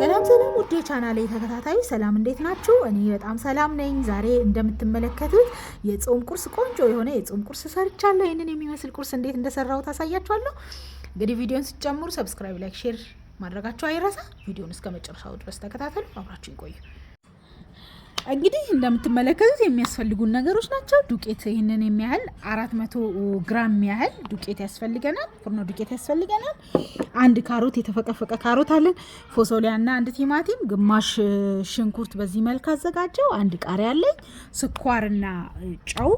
ሰላም ሰላም ውድ የቻናሌ ተከታታዮች ሰላም እንዴት ናችሁ? እኔ በጣም ሰላም ነኝ። ዛሬ እንደምትመለከቱት የጾም ቁርስ ቆንጆ የሆነ የጾም ቁርስ ሰርቻለሁ። ይህንን የሚመስል ቁርስ እንዴት እንደሰራው ታሳያችኋለሁ። እንግዲህ ቪዲዮን ስትጨምሩ ሰብስክራይብ፣ ላይክ፣ ሼር ማድረጋችሁ አይረሳ። ቪዲዮን እስከ መጨረሻው ድረስ ተከታተሉ። አብራችሁ ይቆዩ። እንግዲህ እንደምትመለከቱት የሚያስፈልጉን ነገሮች ናቸው። ዱቄት ይህንን የሚያህል አራት መቶ ግራም ያህል ዱቄት ያስፈልገናል። ፍርኖ ዱቄት ያስፈልገናል። አንድ ካሮት የተፈቀፈቀ ካሮት አለን። ፎሶሊያ ፎሶሊያና አንድ ቲማቲም፣ ግማሽ ሽንኩርት በዚህ መልክ አዘጋጀው። አንድ ቃሪያ አለኝ። ስኳርና ጨው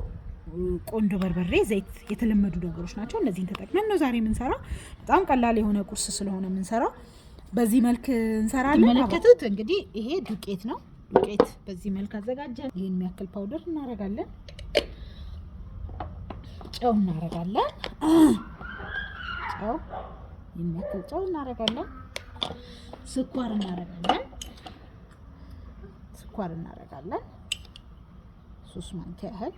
ቆንጆ በርበሬ፣ ዘይት የተለመዱ ነገሮች ናቸው። እነዚህን ተጠቅመን ነው ዛሬ የምንሰራው። በጣም ቀላል የሆነ ቁርስ ስለሆነ የምንሰራው በዚህ መልክ እንሰራለን። መለከቱት እንግዲህ ይሄ ዱቄት ነው። ዱቄት በዚህ መልክ አዘጋጀን። ይህን የሚያክል ፓውደር እናደርጋለን። ጨው እናደርጋለን። ጨው የሚያክል ጨው እናደርጋለን። ስኳር እናደርጋለን። ስኳር እናደርጋለን። ሶስት ማንኪያ ያህል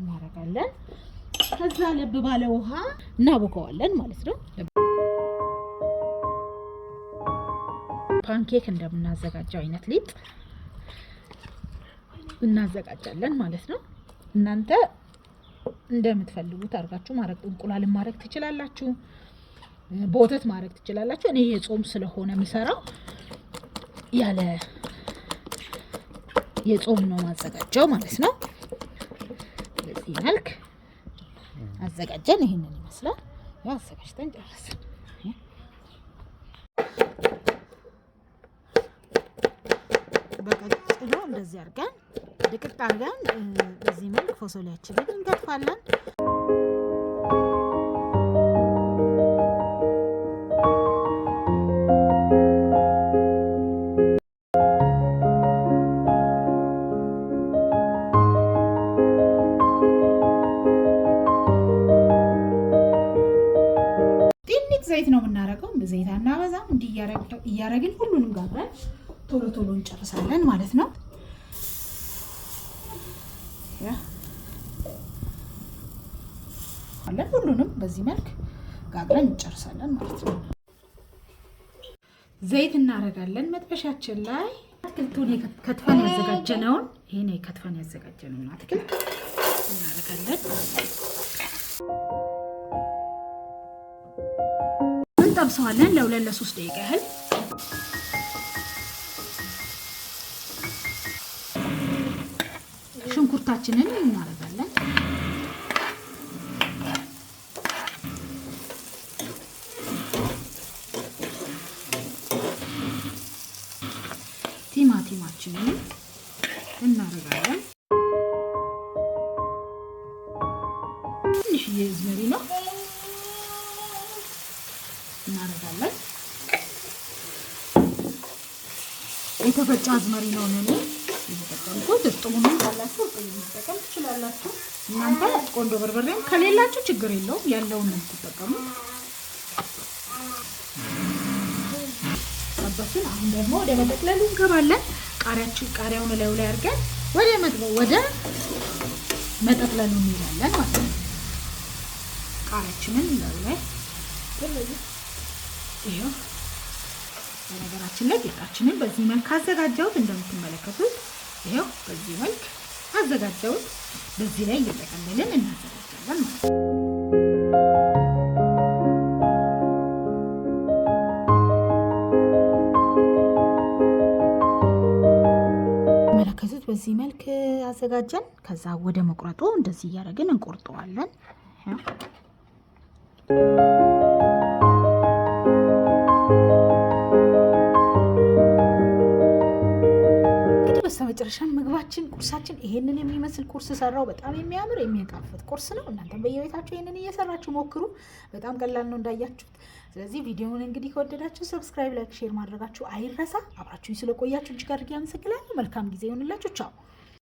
እናደርጋለን። ከዛ ለብ ባለ ውሃ እናቦከዋለን ማለት ነው። ፓንኬክ እንደምናዘጋጀው አይነት ሊጥ እናዘጋጃለን ማለት ነው። እናንተ እንደምትፈልጉት አድርጋችሁ ማድረግ እንቁላልን ማድረግ ትችላላችሁ፣ በወተት ማድረግ ትችላላችሁ። እኔ የጾም ስለሆነ የሚሰራው ያለ የጾም ነው ማዘጋጀው ማለት ነው። በዚህ መልክ አዘጋጀን። ይህንን ይመስላል። ያው አዘጋጅተን ጨረስን። እንደዚህ አድርገን ድቅቅ አድርገን በዚህ መልክ ፎሶሊያችንን እንገጥፋለን። ዘይት ነው የምናደርገው። ዘይት አናበዛም። እንዲህ እያረግን ሁሉንም ጋብረን ቶሎ ቶሎ እንጨርሳለን ማለት ነው። አለን። ሁሉንም በዚህ መልክ ጋግረን እንጨርሳለን ማለት ነው። ዘይት እናደርጋለን መጥበሻችን ላይ አትክልቱን ከትፈን ያዘጋጀነውን ይሄን ከትፈን ያዘጋጀነውን አትክልት እናደርጋለን። እንጠብሰዋለን ለሁለት ለሶስት ደቂቃ ያህል ሽንኩርታችንን እናደርጋለን። ቲማቲማችንን እናደርጋለን። ትንሽ የዝመሪ ነው እናደርጋለን። የተፈጨ አዝመሪ ነው ነኔ እየተጠቀምኩት እርጥቡንም ካላችሁ እርጥቡ መጠቀም ትችላላችሁ። እናንተ ቆንጆ በርበሬም ከሌላችሁ ችግር የለውም፣ ያለውን ነው የምትጠቀሙ። ጠበሱን። አሁን ደግሞ ወደ መጠቅለሉ እንገባለን። ቃሪያችሁ ቃሪያውን ላዩ ላይ አድርገን ወደ ወደ መጠቅለሉ እንሄዳለን ማለት ነው። ቃሪያችንን እላዩ ላይ ይኸው በነገራችን ላይ ጌጣችንን በዚህ መልክ አዘጋጀሁት እንደምትመለከቱት ይኸው በዚህ መልክ አዘጋጀሁት። በዚህ ላይ እየጠቀለልን እናዘጋጃለን ማለት ነው። መለከቱት በዚህ መልክ አዘጋጀን። ከዛ ወደ መቁረጡ እንደዚህ እያደረግን እንቆርጠዋለን። በስተ ምግባችን ቁርሳችን ይሄንን የሚመስል ቁርስ ሰራው። በጣም የሚያምር የሚያጣፍጥ ቁርስ ነው። እናንተ በየቤታችሁ ይሄንን እየሰራችሁ ሞክሩ። በጣም ቀላል ነው እንዳያችሁት። ስለዚህ ቪዲዮውን እንግዲህ ከወደዳችሁ ሰብስክራይብ፣ ላይክ፣ ሼር ማድረጋችሁ አይረሳ። አብራችሁኝ ስለቆያችሁ እጅግ አድርጌ አመሰግናለሁ። መልካም ጊዜ ይሆንላችሁ። ቻው